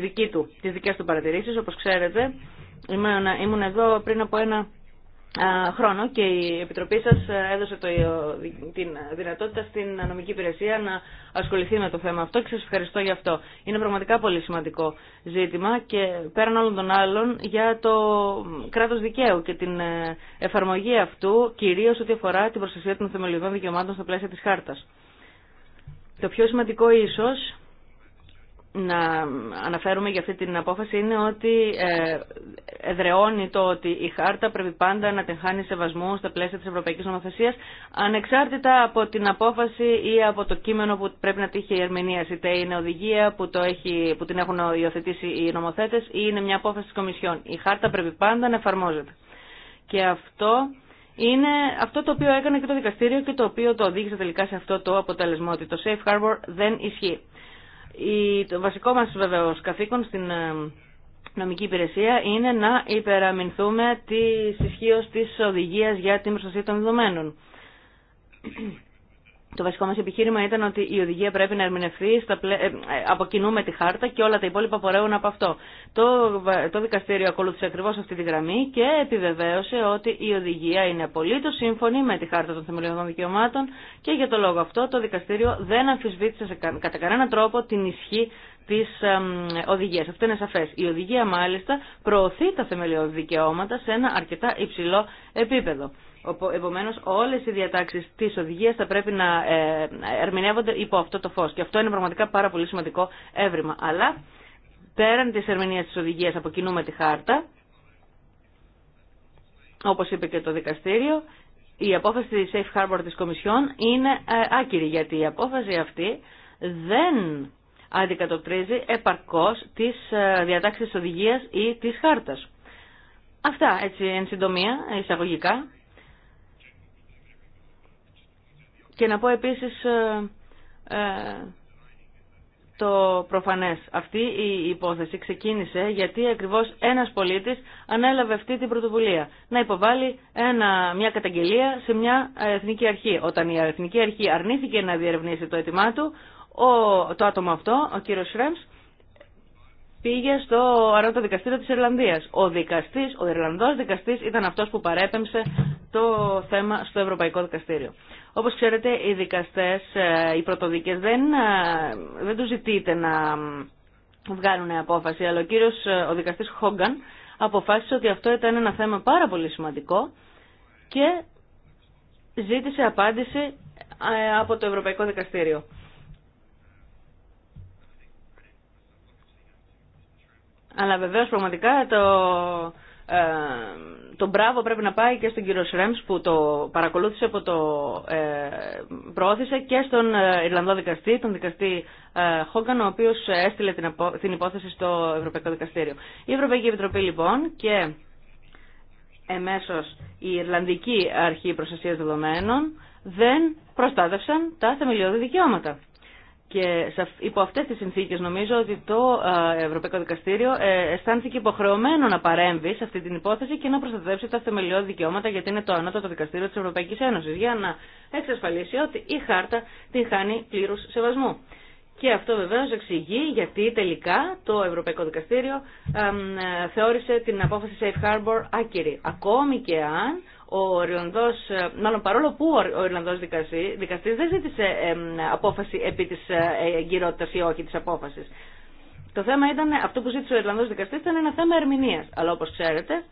δική του, τις δικές του παρατηρήσεις. Όπως ξέρετε, ήμουν, ήμουν εδώ πριν από ένα χρόνο και η Επιτροπή σας ε, έδωσε το, ε, την δυνατότητα στην νομική υπηρεσία να ασχοληθεί με το θέμα αυτό και σας ευχαριστώ για αυτό. Είναι πραγματικά πολύ σημαντικό ζήτημα και πέραν όλων των άλλων για το κράτος δικαίου και την ε, εφαρμογή αυτού κυρίως ό,τι αφορά την προστασία των θεμελιωδών δικαιωμάτων στα πλαίσια της χάρτας. Το πιο σημαντικό ίσως να αναφέρουμε για αυτή την απόφαση είναι ότι ε, εδρεώνει το ότι η χάρτα πρέπει πάντα να την χάνει σεβασμού στα πλαίσια της Ευρωπαϊκής Νομοθεσίας ανεξάρτητα από την απόφαση ή από το κείμενο που πρέπει να τύχει η ερμηνεία είτε είναι οδηγία που, το έχει, που την έχουν υιοθετήσει οι νομοθέτες ή είναι μια απόφαση της Κομισιόν. Η χάρτα πρέπει πάντα να εφαρμόζεται. Και αυτό είναι αυτό το οποίο έκανε και το δικαστήριο και το οποίο το οδήγησε τελικά σε αυτό το αποτέλεσμα ότι το safe harbor δεν ισχύει το βασικό μας βεβαίως καθήκον στην ε, νομική υπηρεσία είναι να υπεραμεινθούμε τη ισχύω της οδηγίας για την προστασία των δεδομένων. Το βασικό μας επιχείρημα ήταν ότι η οδηγία πρέπει να ερμηνευθεί στα πλε... Ε, ε, από κοινού με τη χάρτα και όλα τα υπόλοιπα πορεύουν από αυτό. Το, το δικαστήριο ακολούθησε ακριβώς αυτή τη γραμμή και επιβεβαίωσε ότι η οδηγία είναι απολύτω σύμφωνη με τη χάρτα των θεμελιωδών δικαιωμάτων και για το λόγο αυτό το δικαστήριο δεν αμφισβήτησε κατά κανέναν τρόπο την ισχύ τη οδηγία. Αυτό είναι σαφέ. Η οδηγία μάλιστα προωθεί τα θεμελιώδη δικαιώματα σε ένα αρκετά υψηλό επίπεδο. Επομένω, όλε οι διατάξει τη οδηγία θα πρέπει να ε, ερμηνεύονται υπό αυτό το φω. Και αυτό είναι πραγματικά πάρα πολύ σημαντικό έβριμα. Αλλά πέραν τη ερμηνεία τη οδηγία αποκινούμε τη χάρτα. Όπω είπε και το δικαστήριο, η απόφαση τη Safe Harbor τη Κομισιόν είναι ε, άκυρη. Γιατί η απόφαση αυτή δεν αντικατοπτρίζει επαρκώς τις ε, διατάξει της οδηγίας ή τη χάρτα. Αυτά έτσι εν συντομία, εισαγωγικά. Και να πω επίσης ε, ε, το προφανές. Αυτή η υπόθεση ξεκίνησε γιατί ακριβώς ένας πολίτης ανέλαβε αυτή την πρωτοβουλία. Να υποβάλει ένα, μια καταγγελία σε μια εθνική αρχή. Όταν η εθνική αρχή αρνήθηκε να διερευνήσει το αίτημά του, ο, το άτομο αυτό, ο κύριος Σρέμς, πήγε στο αρώτο δικαστήριο της Ιρλανδίας. Ο δικαστής, ο Ιρλανδός δικαστής ήταν αυτός που παρέπεμψε το θέμα στο Ευρωπαϊκό Δικαστήριο. Όπως ξέρετε, οι δικαστές, ε, οι πρωτοδίκες δεν, ε, δεν τους ζητείτε να βγάλουν απόφαση, αλλά ο κύριος, ε, ο δικαστής Χόγκαν αποφάσισε ότι αυτό ήταν ένα θέμα πάρα πολύ σημαντικό και ζήτησε απάντηση από το Ευρωπαϊκό Δικαστήριο. Αλλά βεβαίως πραγματικά το, ε, το μπράβο πρέπει να πάει και στον κύριο Σρέμς που το παρακολούθησε που το ε, προώθησε και στον ε, Ιρλανδό δικαστή, τον δικαστή ε, Χόγκαν, ο οποίος έστειλε την, την υπόθεση στο Ευρωπαϊκό Δικαστήριο. Η Ευρωπαϊκή Επιτροπή λοιπόν και εμέσως η Ιρλανδική Αρχή Προστασίας Δεδομένων δεν προστάτευσαν τα θεμελιώδη δικαιώματα. Και υπό αυτές τις συνθήκες νομίζω ότι το Ευρωπαϊκό Δικαστήριο ε, αισθάνθηκε υποχρεωμένο να παρέμβει σε αυτή την υπόθεση και να προστατεύσει τα θεμελιώδη δικαιώματα γιατί είναι το ανώτατο δικαστήριο της Ευρωπαϊκής Ένωσης για να εξασφαλίσει ότι η χάρτα την χάνει πλήρου σεβασμού. Και αυτό βεβαίω εξηγεί γιατί τελικά το Ευρωπαϊκό Δικαστήριο ε, θεώρησε την απόφαση Safe Harbor άκυρη. Ακόμη και αν ο Ριονδός, ε, μάλλον παρόλο που ο Ριονδός δικαστή, δικαστής δεν ζήτησε απόφαση επί της ε, εγκυρότητας ή όχι της απόφασης. Το θέμα ήταν, αυτό που ζήτησε ο Ριονδός δικαστής ήταν ένα θέμα ερμηνεία. αλλά όπως ξέρετε,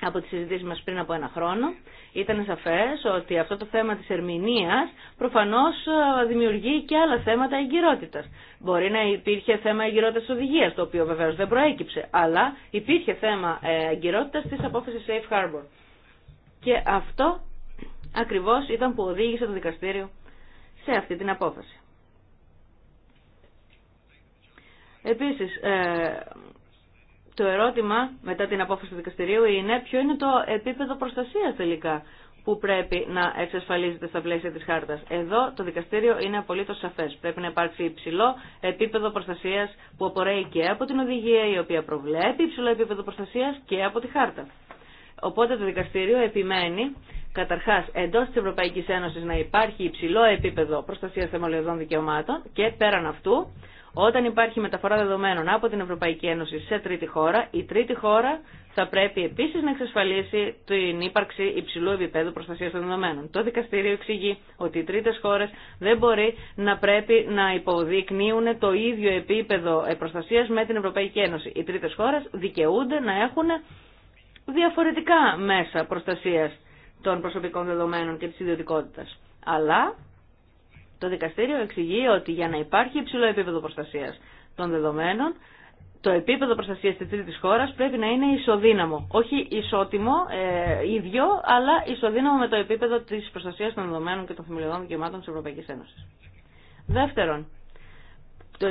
από τις συζητήσεις μας πριν από ένα χρόνο, ήταν σαφές ότι αυτό το θέμα της ερμηνείας προφανώς ε, δημιουργεί και άλλα θέματα εγκυρότητας. Μπορεί να υπήρχε θέμα εγκυρότητας οδηγίας, το οποίο βεβαίως δεν προέκυψε, αλλά υπήρχε θέμα εγκυρότητας τη απόφαση Safe Harbor. Και αυτό ακριβώς ήταν που οδήγησε το δικαστήριο σε αυτή την απόφαση. Επίσης, ε, το ερώτημα μετά την απόφαση του δικαστηρίου είναι ποιο είναι το επίπεδο προστασίας τελικά που πρέπει να εξασφαλίζεται στα πλαίσια της χάρτας. Εδώ το δικαστήριο είναι απολύτως σαφές. Πρέπει να υπάρξει υψηλό επίπεδο προστασίας που απορρέει και από την οδηγία η οποία προβλέπει υψηλό επίπεδο προστασίας και από τη χάρτα. Οπότε το δικαστήριο επιμένει καταρχά εντό τη Ευρωπαϊκή Ένωση να υπάρχει υψηλό επίπεδο προστασία θεμελιωδών δικαιωμάτων και πέραν αυτού, όταν υπάρχει μεταφορά δεδομένων από την Ευρωπαϊκή Ένωση σε τρίτη χώρα, η τρίτη χώρα θα πρέπει επίση να εξασφαλίσει την ύπαρξη υψηλού επίπεδου προστασία των δεδομένων. Το δικαστήριο εξηγεί ότι οι τρίτε χώρε δεν μπορεί να πρέπει να υποδεικνύουν το ίδιο επίπεδο προστασία με την Ευρωπαϊκή Ένωση. Οι τρίτε χώρε δικαιούνται να έχουν διαφορετικά μέσα προστασίας των προσωπικών δεδομένων και της ιδιωτικότητας. Αλλά το δικαστήριο εξηγεί ότι για να υπάρχει υψηλό επίπεδο προστασίας των δεδομένων, το επίπεδο προστασίας της τρίτης χώρας πρέπει να είναι ισοδύναμο. Όχι ισότιμο, ε, ίδιο, αλλά ισοδύναμο με το επίπεδο της προστασίας των δεδομένων και των θεμελιωδών δικαιωμάτων της Ευρωπαϊκής Ένωσης. Δεύτερον, το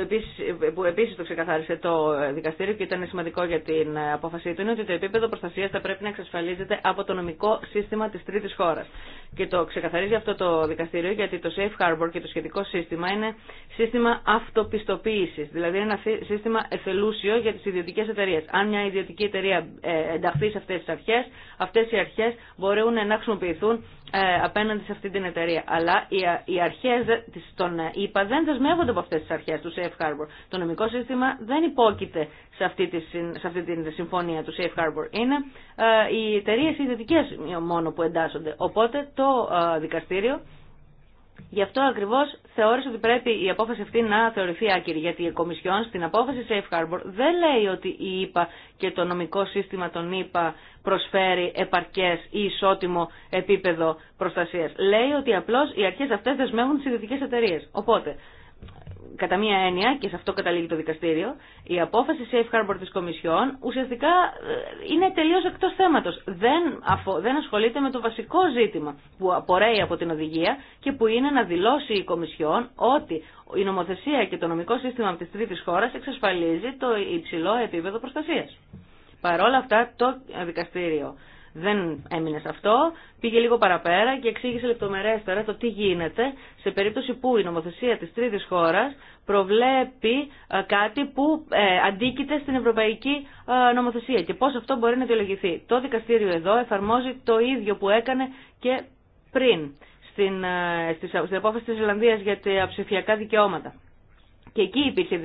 που επίσης το ξεκαθάρισε το δικαστήριο και ήταν σημαντικό για την απόφασή του, είναι ότι το επίπεδο προστασίας θα πρέπει να εξασφαλίζεται από το νομικό σύστημα της τρίτης χώρας. Και το ξεκαθαρίζει αυτό το δικαστήριο γιατί το Safe Harbor και το σχετικό σύστημα είναι σύστημα αυτοπιστοποίησης, δηλαδή ένα σύστημα εθελούσιο για τις ιδιωτικές εταιρείε. Αν μια ιδιωτική εταιρεία ε, ενταχθεί σε αυτές τις αρχές, αυτές οι αρχές μπορούν να χρησιμοποιηθούν ε, απέναντι σε αυτή την εταιρεία. Αλλά οι αρχέ των ΙΠΑ ε, δεν δεσμεύονται από αυτές τι αρχέ του Safe Harbor. Το νομικό σύστημα δεν υπόκειται σε αυτή τη, σε αυτή τη συμφωνία του Safe Harbor. Είναι ε, οι εταιρείε ιδιωτικέ μόνο που εντάσσονται. Οπότε το δικαστήριο Γι' αυτό ακριβώ θεώρησε ότι πρέπει η απόφαση αυτή να θεωρηθεί άκυρη. Γιατί η Κομισιόν στην απόφαση Safe Harbor δεν λέει ότι η ΕΠΑ και το νομικό σύστημα των ΕΠΑ προσφέρει επαρκέ ή ισότιμο επίπεδο προστασία. Λέει ότι απλώ οι αρχέ αυτέ δεσμεύουν τι ιδιωτικέ εταιρείε. Οπότε κατά μία έννοια, και σε αυτό καταλήγει το δικαστήριο, η απόφαση Safe Harbor της Κομισιόν ουσιαστικά ε, είναι τελείως εκτός θέματος. Δεν, αφο, δεν ασχολείται με το βασικό ζήτημα που απορρέει από την οδηγία και που είναι να δηλώσει η Κομισιόν ότι η νομοθεσία και το νομικό σύστημα της τρίτης χώρας εξασφαλίζει το υψηλό επίπεδο προστασίας. όλα αυτά το δικαστήριο δεν έμεινε σε αυτό, πήγε λίγο παραπέρα και εξήγησε λεπτομερέστερα το τι γίνεται σε περίπτωση που η νομοθεσία της τρίτης χώρας προβλέπει ε, κάτι που ε, αντίκειται στην ευρωπαϊκή ε, νομοθεσία και πώς αυτό μπορεί να διολογηθεί. Το δικαστήριο εδώ εφαρμόζει το ίδιο που έκανε και πριν στην, στην απόφαση της Ιρλανδίας για τα ψηφιακά δικαιώματα. Και εκεί υπήρχε ε,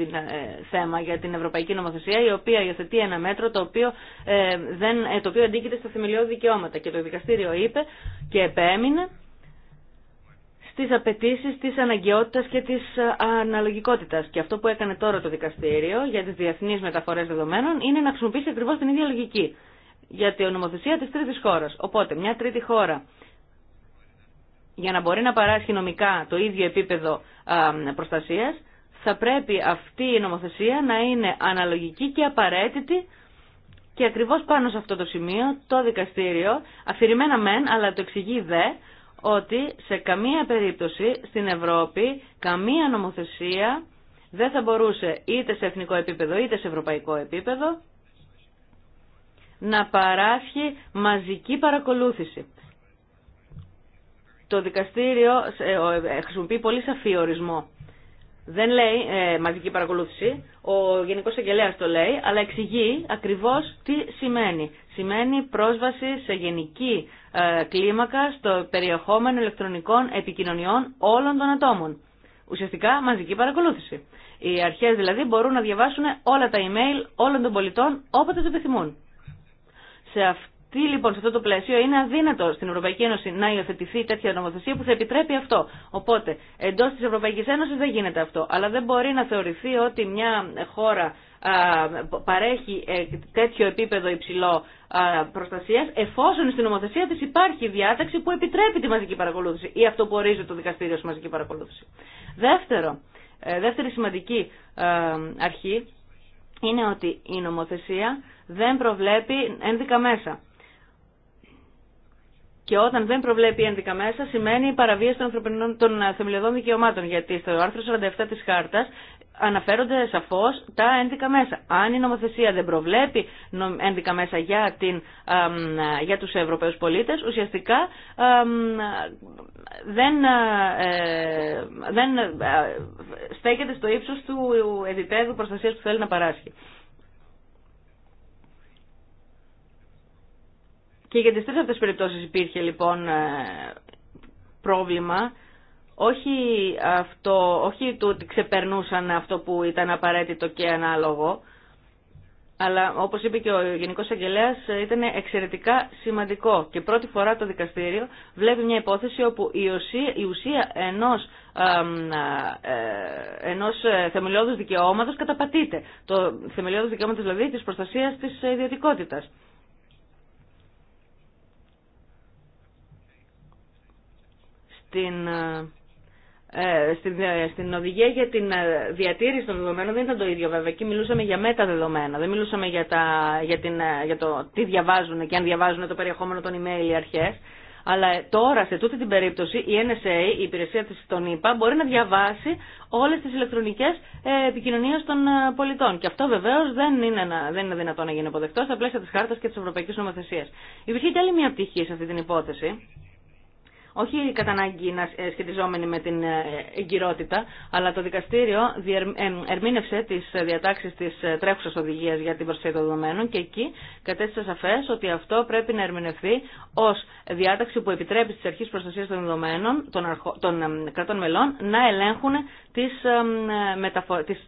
θέμα για την Ευρωπαϊκή Νομοθεσία, η οποία υιοθετεί ένα μέτρο το οποίο, ε, δεν, ε, το οποίο αντίκειται στα θεμελιώδη δικαιώματα. Και το δικαστήριο είπε και επέμεινε στις απαιτήσει της αναγκαιότητας και της αναλογικότητας. Και αυτό που έκανε τώρα το δικαστήριο για τις διεθνείς μεταφορές δεδομένων είναι να χρησιμοποιήσει ακριβώς την ίδια λογική για τη νομοθεσία της τρίτης χώρας. Οπότε, μια τρίτη χώρα για να μπορεί να παράσχει νομικά το ίδιο επίπεδο προστασίας θα πρέπει αυτή η νομοθεσία να είναι αναλογική και απαραίτητη και ακριβώς πάνω σε αυτό το σημείο το δικαστήριο αφηρημένα μεν αλλά το εξηγεί δε ότι σε καμία περίπτωση στην Ευρώπη καμία νομοθεσία δεν θα μπορούσε είτε σε εθνικό επίπεδο είτε σε ευρωπαϊκό επίπεδο να παράσχει μαζική παρακολούθηση. Το δικαστήριο ε, ε, χρησιμοποιεί πολύ σαφή ορισμό δεν λέει ε, μαζική παρακολούθηση, ο Γενικός Αγγελέας το λέει, αλλά εξηγεί ακριβώς τι σημαίνει. Σημαίνει πρόσβαση σε γενική ε, κλίμακα στο περιεχόμενο ηλεκτρονικών επικοινωνιών όλων των ατόμων. Ουσιαστικά μαζική παρακολούθηση. Οι αρχές δηλαδή μπορούν να διαβάσουν όλα τα email όλων των πολιτών όποτε το επιθυμούν. Τι λοιπόν σε αυτό το πλαίσιο είναι αδύνατο στην Ευρωπαϊκή Ένωση να υιοθετηθεί τέτοια νομοθεσία που θα επιτρέπει αυτό. Οπότε εντό τη Ευρωπαϊκή Ένωση δεν γίνεται αυτό. Αλλά δεν μπορεί να θεωρηθεί ότι μια χώρα παρέχει ε, τέτοιο επίπεδο υψηλό προστασία εφόσον στην νομοθεσία τη υπάρχει διάταξη που επιτρέπει τη μαζική παρακολούθηση ή αυτό που ορίζει το δικαστήριο στη μαζική παρακολούθηση. Δεύτερο, ε, δεύτερη σημαντική ε, αρχή είναι ότι η νομοθεσία δεν προβλέπει ένδικα μέσα. Και όταν δεν προβλέπει ένδικα μέσα, σημαίνει παραβίαση των, των ε, θεμελιωδών δικαιωμάτων. Γιατί στο άρθρο 47 τη Χάρτα αναφέρονται σαφώ τα ένδικα μέσα. Αν η νομοθεσία δεν προβλέπει ένδικα μέσα για, την, για τους Ευρωπαίους πολίτες, ουσιαστικά δεν, ε, δεν ε, στέκεται στο ύψος του επίπεδου προστασίας που θέλει να παράσχει. Και για τις τρεις αυτές τις περιπτώσεις υπήρχε λοιπόν ε, πρόβλημα. Όχι, αυτό, όχι του ότι ξεπερνούσαν αυτό που ήταν απαραίτητο και ανάλογο, αλλά όπως είπε και ο Γενικός Αγγελέας ε, ήταν εξαιρετικά σημαντικό και πρώτη φορά το δικαστήριο βλέπει μια υπόθεση όπου η ουσία, η ουσία ενός, ε, ενός ε, θεμελιώδους δικαιώματος καταπατείται. Το θεμελιώδους δικαιώματος δηλαδή της προστασίας της ιδιωτικότητας. Ε, ε, στην, ε, στην, στην οδηγία για την ε, διατήρηση των δεδομένων δεν ήταν το ίδιο βέβαια. Εκεί μιλούσαμε για μεταδεδομένα. Δεν μιλούσαμε για, τα, για, την, για το τι διαβάζουν και αν διαβάζουν το περιεχόμενο των email οι αρχέ. Αλλά τώρα, σε τούτη την περίπτωση, η NSA, η υπηρεσία της των ΗΠΑ, μπορεί να διαβάσει όλες τις ηλεκτρονικές επικοινωνίες των πολιτών. Και αυτό βεβαίως δεν είναι, δεν είναι δυνατόν να γίνει αποδεκτό στα πλαίσια της χάρτας και της Ευρωπαϊκής Νομοθεσίας. Υπήρχε και άλλη μια πτυχή σε αυτή την υπόθεση, όχι κατά ανάγκη ε, σχετιζόμενη με την ε, εγκυρότητα, αλλά το δικαστήριο ε, ερμήνευσε τις διατάξεις της τρέχουσας οδηγία για την προστασία των δεδομένων και εκεί κατέστησε σαφές ότι αυτό πρέπει να ερμηνευθεί ως διάταξη που επιτρέπει στις αρχές προστασίας των δεδομένων των, κρατών μελών να ελέγχουν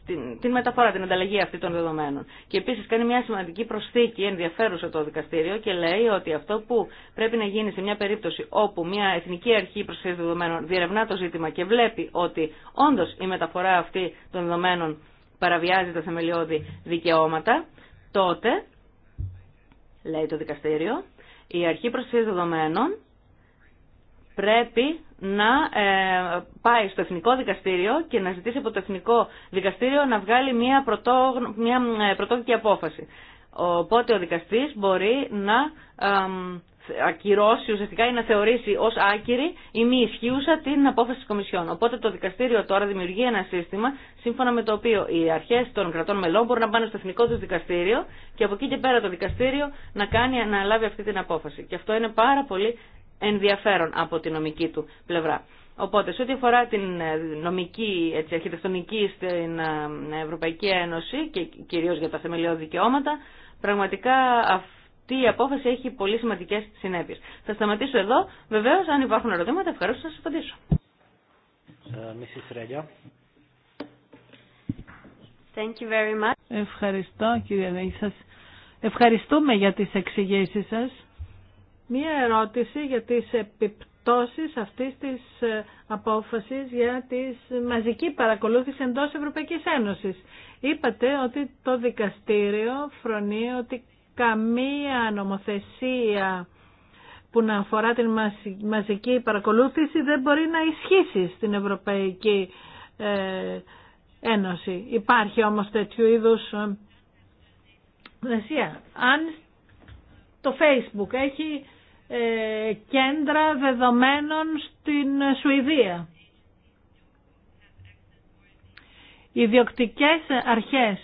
την, μεταφορά, την ανταλλαγή αυτή των δεδομένων. Και επίσης κάνει μια σημαντική προσθήκη ενδιαφέρουσα το δικαστήριο και λέει ότι αυτό που πρέπει να γίνει σε μια περίπτωση όπου μια εθνική αρχή προσθέτει δεδομένων διερευνά το ζήτημα και βλέπει ότι όντως η μεταφορά αυτή των δεδομένων παραβιάζει τα θεμελιώδη δικαιώματα, τότε, λέει το δικαστήριο, η αρχή προσθέτει δεδομένων πρέπει να ε, πάει στο Εθνικό Δικαστήριο και να ζητήσει από το Εθνικό Δικαστήριο να βγάλει μια, πρωτό, μια απόφαση. Οπότε ο δικαστής μπορεί να ακυρώσει ουσιαστικά ή να θεωρήσει ως άκυρη ή μη ισχύουσα την απόφαση της Κομισιόν. Οπότε το δικαστήριο τώρα δημιουργεί ένα σύστημα σύμφωνα με το οποίο οι αρχές των κρατών μελών μπορούν να πάνε στο εθνικό τους δικαστήριο και από εκεί και πέρα το δικαστήριο να, κάνει, να λάβει αυτή την απόφαση. Και αυτό είναι πάρα πολύ ενδιαφέρον από τη νομική του πλευρά. Οπότε, σε ό,τι αφορά την ε, νομική έτσι, αρχιτεκτονική στην ε, Ευρωπαϊκή Ένωση και κυρίως για τα θεμελιώδη δικαιώματα, πραγματικά αυτή η απόφαση έχει πολύ σημαντικές συνέπειες. Θα σταματήσω εδώ. Βεβαίως, αν υπάρχουν ερωτήματα, ευχαριστώ να σας απαντήσω. Ε, Thank you very much. Ευχαριστώ, κύριε Ρέη. ευχαριστούμε για τις εξηγήσεις σας μία ερώτηση για τις επιπτώσεις αυτής της ε, απόφασης για τη μαζική παρακολούθηση εντός Ευρωπαϊκής Ένωσης. Είπατε ότι το δικαστήριο φρονεί ότι καμία νομοθεσία που να αφορά την μαζική παρακολούθηση δεν μπορεί να ισχύσει στην Ευρωπαϊκή ε, Ένωση. Υπάρχει όμως τέτοιου είδους ε, νομοθεσία. Αν το Facebook έχει ε, κέντρα δεδομένων στην Σουηδία. Οι ιδιοκτικές αρχές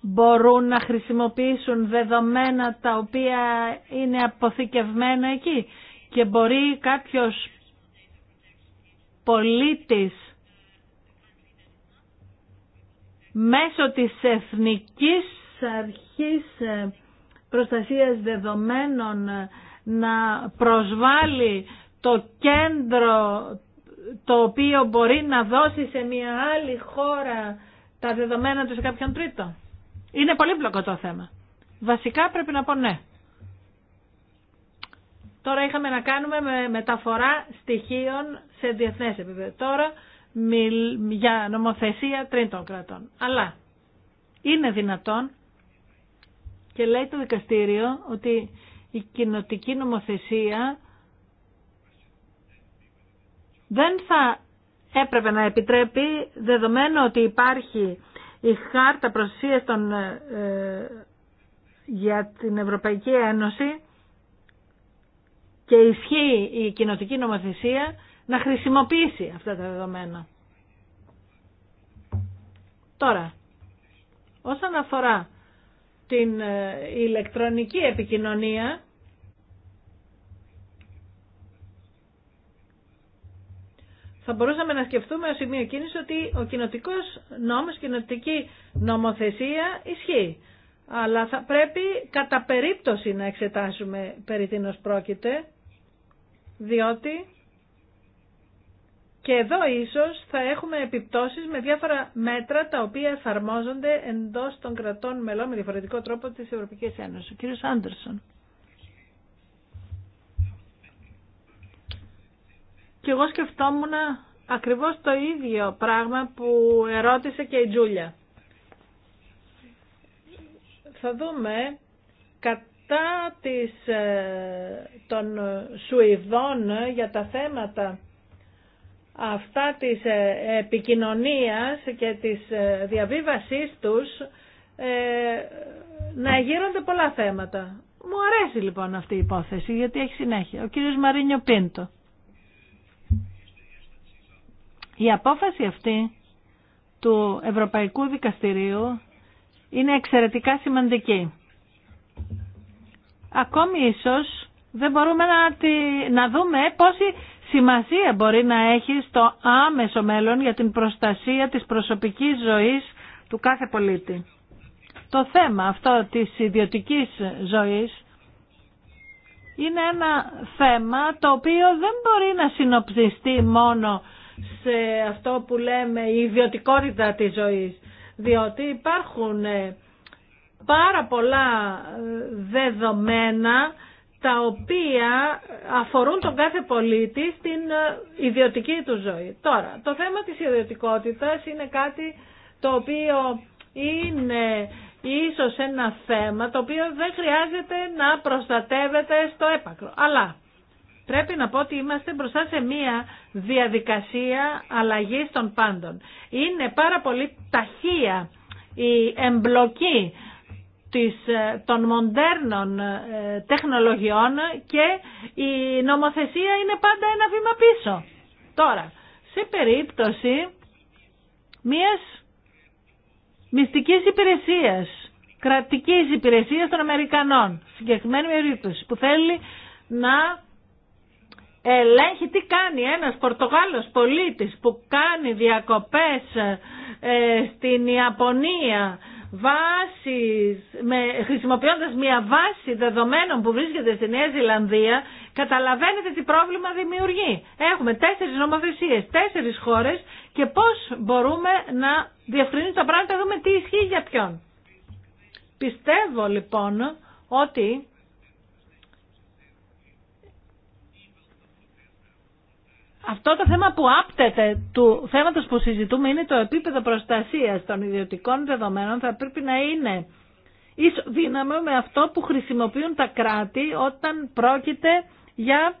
μπορούν να χρησιμοποιήσουν δεδομένα τα οποία είναι αποθηκευμένα εκεί και μπορεί κάποιος πολίτης μέσω της Εθνικής Αρχής ε, Προστασίας Δεδομένων ε, να προσβάλλει το κέντρο το οποίο μπορεί να δώσει σε μια άλλη χώρα τα δεδομένα του σε κάποιον τρίτο. Είναι πολύ πολύπλοκο το θέμα. Βασικά πρέπει να πω ναι. Τώρα είχαμε να κάνουμε με μεταφορά στοιχείων σε διεθνές επίπεδο. Τώρα για νομοθεσία τρίτων κρατών. Αλλά είναι δυνατόν και λέει το δικαστήριο ότι η κοινοτική νομοθεσία δεν θα έπρεπε να επιτρέπει δεδομένου ότι υπάρχει η χάρτα προστασίας των, ε, για την Ευρωπαϊκή Ένωση και ισχύει η κοινοτική νομοθεσία να χρησιμοποιήσει αυτά τα δεδομένα. Τώρα, όσον αφορά την ε, ηλεκτρονική επικοινωνία, θα μπορούσαμε να σκεφτούμε ως σημείο κίνηση ότι ο κοινοτικό νόμος, η κοινοτική νομοθεσία ισχύει. Αλλά θα πρέπει κατά περίπτωση να εξετάσουμε περί τίνος πρόκειται, διότι και εδώ ίσως θα έχουμε επιπτώσεις με διάφορα μέτρα τα οποία εφαρμόζονται εντός των κρατών μελών με διαφορετικό τρόπο της Ευρωπαϊκής Ένωσης. Ο κύριος Άντερσον. Και εγώ σκεφτόμουν ακριβώς το ίδιο πράγμα που ερώτησε και η Τζούλια. Θα δούμε κατά της, ε, των Σουηδών για τα θέματα αυτά της ε, επικοινωνίας και της ε, διαβίβασής τους ε, να γύρονται πολλά θέματα. Μου αρέσει λοιπόν αυτή η υπόθεση γιατί έχει συνέχεια. Ο κύριος Μαρίνιο Πίντο. Η απόφαση αυτή του Ευρωπαϊκού Δικαστηρίου είναι εξαιρετικά σημαντική. Ακόμη ίσως δεν μπορούμε να, τη, να δούμε πόσοι σημασία μπορεί να έχει στο άμεσο μέλλον για την προστασία της προσωπικής ζωής του κάθε πολίτη. Το θέμα αυτό της ιδιωτικής ζωής είναι ένα θέμα το οποίο δεν μπορεί να συνοψιστεί μόνο σε αυτό που λέμε η ιδιωτικότητα της ζωής, διότι υπάρχουν ε, πάρα πολλά ε, δεδομένα τα οποία αφορούν τον κάθε πολίτη στην ε, ιδιωτική του ζωή. Τώρα, το θέμα της ιδιωτικότητας είναι κάτι το οποίο είναι ίσως ένα θέμα το οποίο δεν χρειάζεται να προστατεύεται στο έπακρο. Αλλά πρέπει να πω ότι είμαστε μπροστά σε μία διαδικασία αλλαγής των πάντων. Είναι πάρα πολύ ταχεία η εμπλοκή ε, των μοντέρνων ε, τεχνολογιών και η νομοθεσία είναι πάντα ένα βήμα πίσω. Τώρα, σε περίπτωση μιας μυστικής υπηρεσίας, κρατικής υπηρεσίας των Αμερικανών, συγκεκριμένη περίπτωση, που θέλει να ελέγχει τι κάνει ένας Πορτογάλος πολίτης που κάνει διακοπές ε, στην Ιαπωνία βάσεις, με, χρησιμοποιώντας μια βάση δεδομένων που βρίσκεται στη Νέα Ζηλανδία, καταλαβαίνετε τι πρόβλημα δημιουργεί. Έχουμε τέσσερις νομοθεσίες, τέσσερις χώρες και πώς μπορούμε να διευκρινίσουμε τα πράγματα, δούμε τι ισχύει για ποιον. Πιστεύω λοιπόν ότι Αυτό το θέμα που άπτεται του θέματος που συζητούμε είναι το επίπεδο προστασίας των ιδιωτικών δεδομένων θα πρέπει να είναι δύναμο με αυτό που χρησιμοποιούν τα κράτη όταν πρόκειται για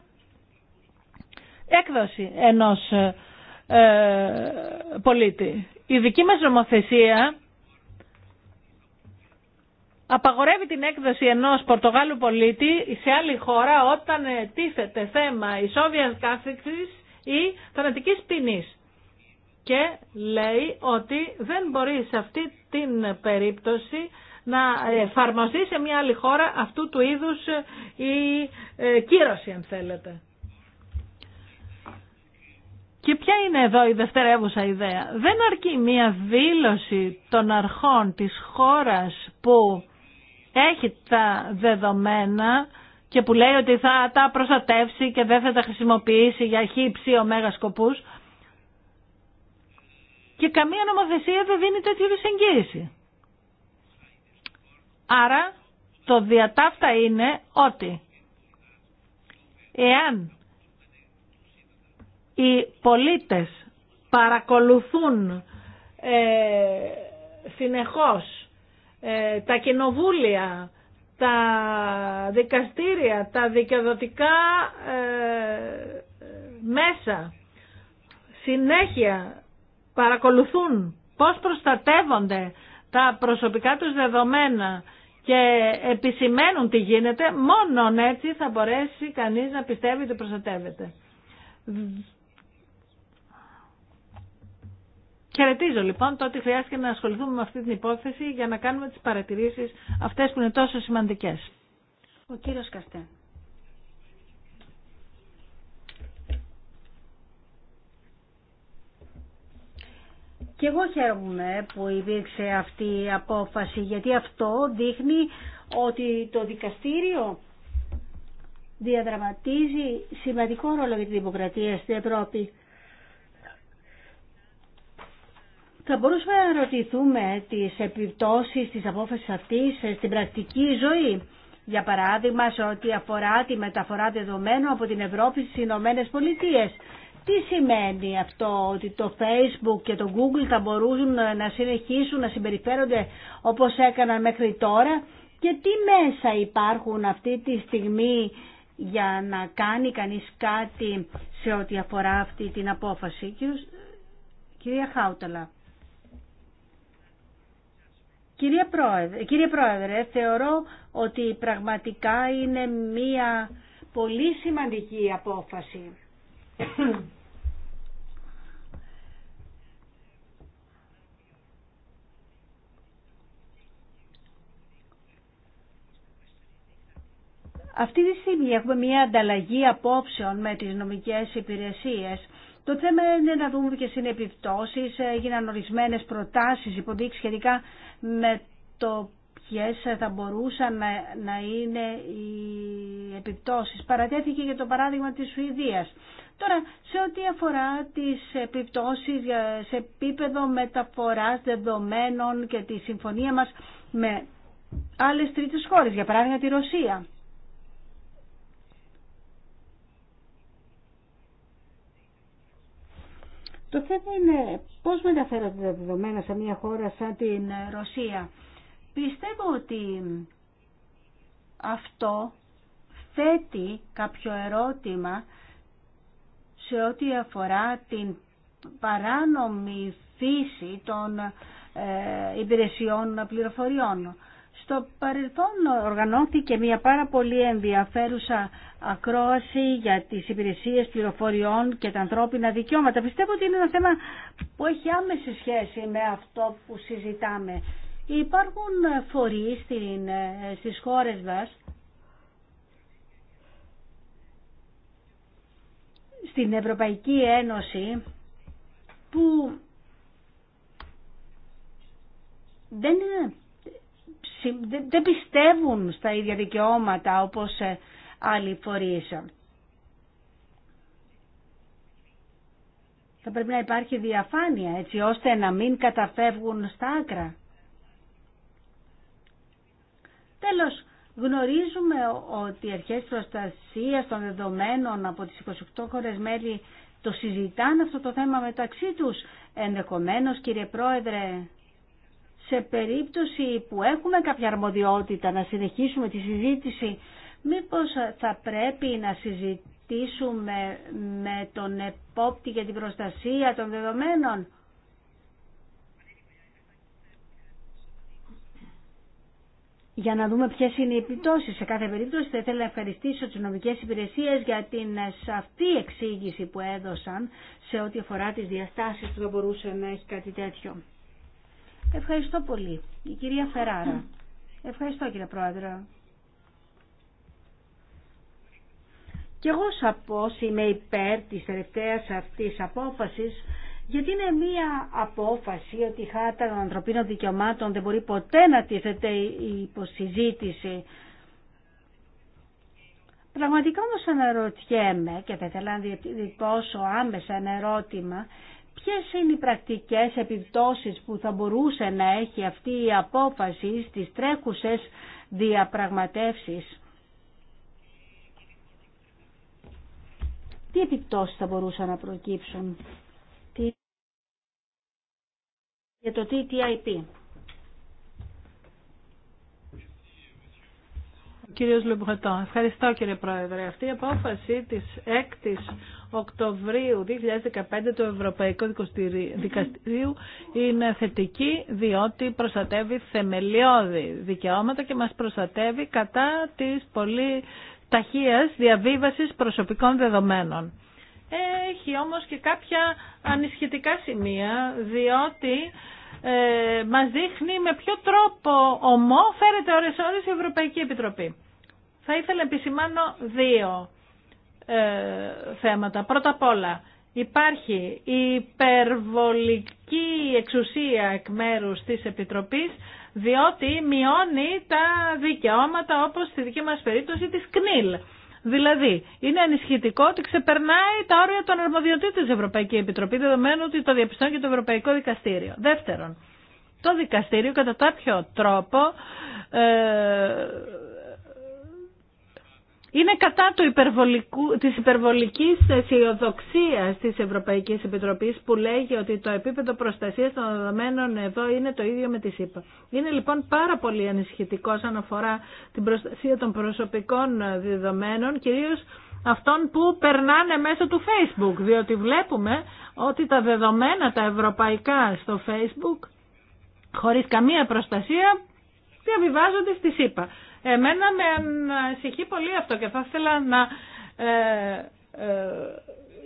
έκδοση ενός ε, πολίτη. Η δική μας νομοθεσία απαγορεύει την έκδοση ενός Πορτογάλου πολίτη σε άλλη χώρα όταν ε, τίθεται θέμα ισόβιας κάθεξης ή θανατικής ποινής. Και λέει ότι δεν μπορεί σε αυτή την περίπτωση να εφαρμοστεί σε μια άλλη χώρα αυτού του είδους η ε, κύρωση, αν θέλετε. Και ποια είναι εδώ η δευτερεύουσα ιδέα. Δεν αρκεί μια δήλωση των αρχών της χώρας που έχει τα δεδομένα και που λέει ότι θα τα προστατεύσει και δεν θα τα χρησιμοποιήσει για χύψη ψ, σκοπούς. Και καμία νομοθεσία δεν δίνει τέτοιου είδους εγγύηση. Άρα το διατάφτα είναι ότι εάν οι πολίτες παρακολουθούν ε, συνεχώς ε, τα κοινοβούλια τα δικαστήρια, τα δικαιοδοτικά ε, μέσα συνέχεια παρακολουθούν πώς προστατεύονται τα προσωπικά τους δεδομένα και επισημαίνουν τι γίνεται, μόνον έτσι θα μπορέσει κανείς να πιστεύει ότι προστατεύεται. Χαιρετίζω λοιπόν το ότι χρειάστηκε να ασχοληθούμε με αυτή την υπόθεση για να κάνουμε τις παρατηρήσεις αυτές που είναι τόσο σημαντικές. Ο κύριος Καστέ. Και εγώ χαίρομαι που υπήρξε αυτή η απόφαση γιατί αυτό δείχνει ότι το δικαστήριο διαδραματίζει σημαντικό ρόλο για τη δημοκρατία στην Ευρώπη. θα μπορούσαμε να ρωτηθούμε τις επιπτώσεις της απόφασης αυτής στην πρακτική ζωή. Για παράδειγμα, σε ό,τι αφορά τη μεταφορά δεδομένων από την Ευρώπη στις Ηνωμένε Πολιτείε. Τι σημαίνει αυτό, ότι το Facebook και το Google θα μπορούσαν να συνεχίσουν να συμπεριφέρονται όπως έκαναν μέχρι τώρα και τι μέσα υπάρχουν αυτή τη στιγμή για να κάνει κανείς κάτι σε ό,τι αφορά αυτή την απόφαση. κυρία Χάουταλα. Κύριε Πρόεδρε, κύριε Πρόεδρε, θεωρώ ότι πραγματικά είναι μία πολύ σημαντική απόφαση. Αυτή τη στιγμή έχουμε μία ανταλλαγή απόψεων με τις νομικές υπηρεσίες το θέμα είναι να δούμε ποιε είναι επιπτώσει. Έγιναν ορισμένε προτάσει, υποδείξει σχετικά με το ποιε θα μπορούσαν να, είναι οι επιπτώσει. Παρατέθηκε για το παράδειγμα τη Σουηδία. Τώρα, σε ό,τι αφορά τις επιπτώσεις σε επίπεδο μεταφοράς δεδομένων και τη συμφωνία μας με άλλες τρίτες χώρες, για παράδειγμα τη Ρωσία. Το θέμα είναι πώς μεταφέρονται τα δεδομένα σε μια χώρα σαν την Ρωσία. Πιστεύω ότι αυτό θέτει κάποιο ερώτημα σε ό,τι αφορά την παράνομη φύση των ε, υπηρεσιών πληροφοριών. Στο παρελθόν οργανώθηκε μια πάρα πολύ ενδιαφέρουσα ακρόαση για τις υπηρεσίες πληροφοριών και τα ανθρώπινα δικαιώματα. Πιστεύω ότι είναι ένα θέμα που έχει άμεση σχέση με αυτό που συζητάμε. Υπάρχουν φορείς στην, στις χώρες μας, στην Ευρωπαϊκή Ένωση, που δεν είναι δεν πιστεύουν στα ίδια δικαιώματα όπως ε, άλλοι φορείς. Θα πρέπει να υπάρχει διαφάνεια έτσι ώστε να μην καταφεύγουν στα άκρα. Τέλος, γνωρίζουμε ότι οι αρχές προστασίας των δεδομένων από τις 28 χώρες μέλη το συζητάνε αυτό το θέμα μεταξύ τους. Ενδεχομένως, κύριε Πρόεδρε, σε περίπτωση που έχουμε κάποια αρμοδιότητα να συνεχίσουμε τη συζήτηση, μήπως θα πρέπει να συζητήσουμε με τον επόπτη για την προστασία των δεδομένων. Για να δούμε ποιε είναι οι επιπτώσει. Σε κάθε περίπτωση θα ήθελα να ευχαριστήσω τις νομικές υπηρεσίες για την σαφή εξήγηση που έδωσαν σε ό,τι αφορά τις διαστάσεις που θα μπορούσε να έχει κάτι τέτοιο. Ευχαριστώ πολύ. Η κυρία Φεράρα. Mm. Ευχαριστώ κύριε Πρόεδρε. Και εγώ πω είμαι υπέρ της τελευταίας αυτής απόφασης γιατί είναι μία απόφαση ότι η χάρτα των ανθρωπίνων δικαιωμάτων δεν μπορεί ποτέ να τίθεται υποσυζήτηση. Πραγματικά όμως αναρωτιέμαι και θα ήθελα να διατυπώσω άμεσα ένα ερώτημα Ποιες είναι οι πρακτικές επιπτώσεις που θα μπορούσε να έχει αυτή η απόφαση στις τρέχουσες διαπραγματεύσεις. Τι επιπτώσεις θα μπορούσαν να προκύψουν για το TTIP. κύριος Λεμπουχατό. Ευχαριστώ κύριε Πρόεδρε. Αυτή η απόφαση της 6ης Οκτωβρίου 2015 του Ευρωπαϊκού Δικαστηρίου είναι θετική διότι προστατεύει θεμελιώδη δικαιώματα και μας προστατεύει κατά της πολύ ταχείας διαβίβασης προσωπικών δεδομένων. Έχει όμως και κάποια ανισχυτικά σημεία διότι ε, μας δείχνει με ποιο τρόπο ομό φέρεται ώρες ώρες η Ευρωπαϊκή Επιτροπή. Θα ήθελα να επισημάνω δύο ε, θέματα. Πρώτα απ' όλα, υπάρχει υπερβολική εξουσία εκ μέρους της Επιτροπής, διότι μειώνει τα δικαιώματα όπως στη δική μας περίπτωση της ΚΝΙΛ. Δηλαδή, είναι ανισχυτικό ότι ξεπερνάει τα όρια των αρμοδιοτήτων της Ευρωπαϊκή Επιτροπή, δεδομένου ότι το διαπιστώνει και το Ευρωπαϊκό Δικαστήριο. Δεύτερον, το δικαστήριο κατά κάποιο τρόπο ε, είναι κατά του υπερβολικού, της υπερβολικής αισιοδοξία της Ευρωπαϊκής Επιτροπής που λέγει ότι το επίπεδο προστασίας των δεδομένων εδώ είναι το ίδιο με τη ΣΥΠΑ. Είναι λοιπόν πάρα πολύ ανησυχητικό σαν αφορά την προστασία των προσωπικών δεδομένων, κυρίως αυτών που περνάνε μέσω του Facebook, διότι βλέπουμε ότι τα δεδομένα τα ευρωπαϊκά στο Facebook, χωρίς καμία προστασία, διαβιβάζονται στη ΣΥΠΑ. Εμένα με ανησυχεί πολύ αυτό και θα ήθελα να ε, ε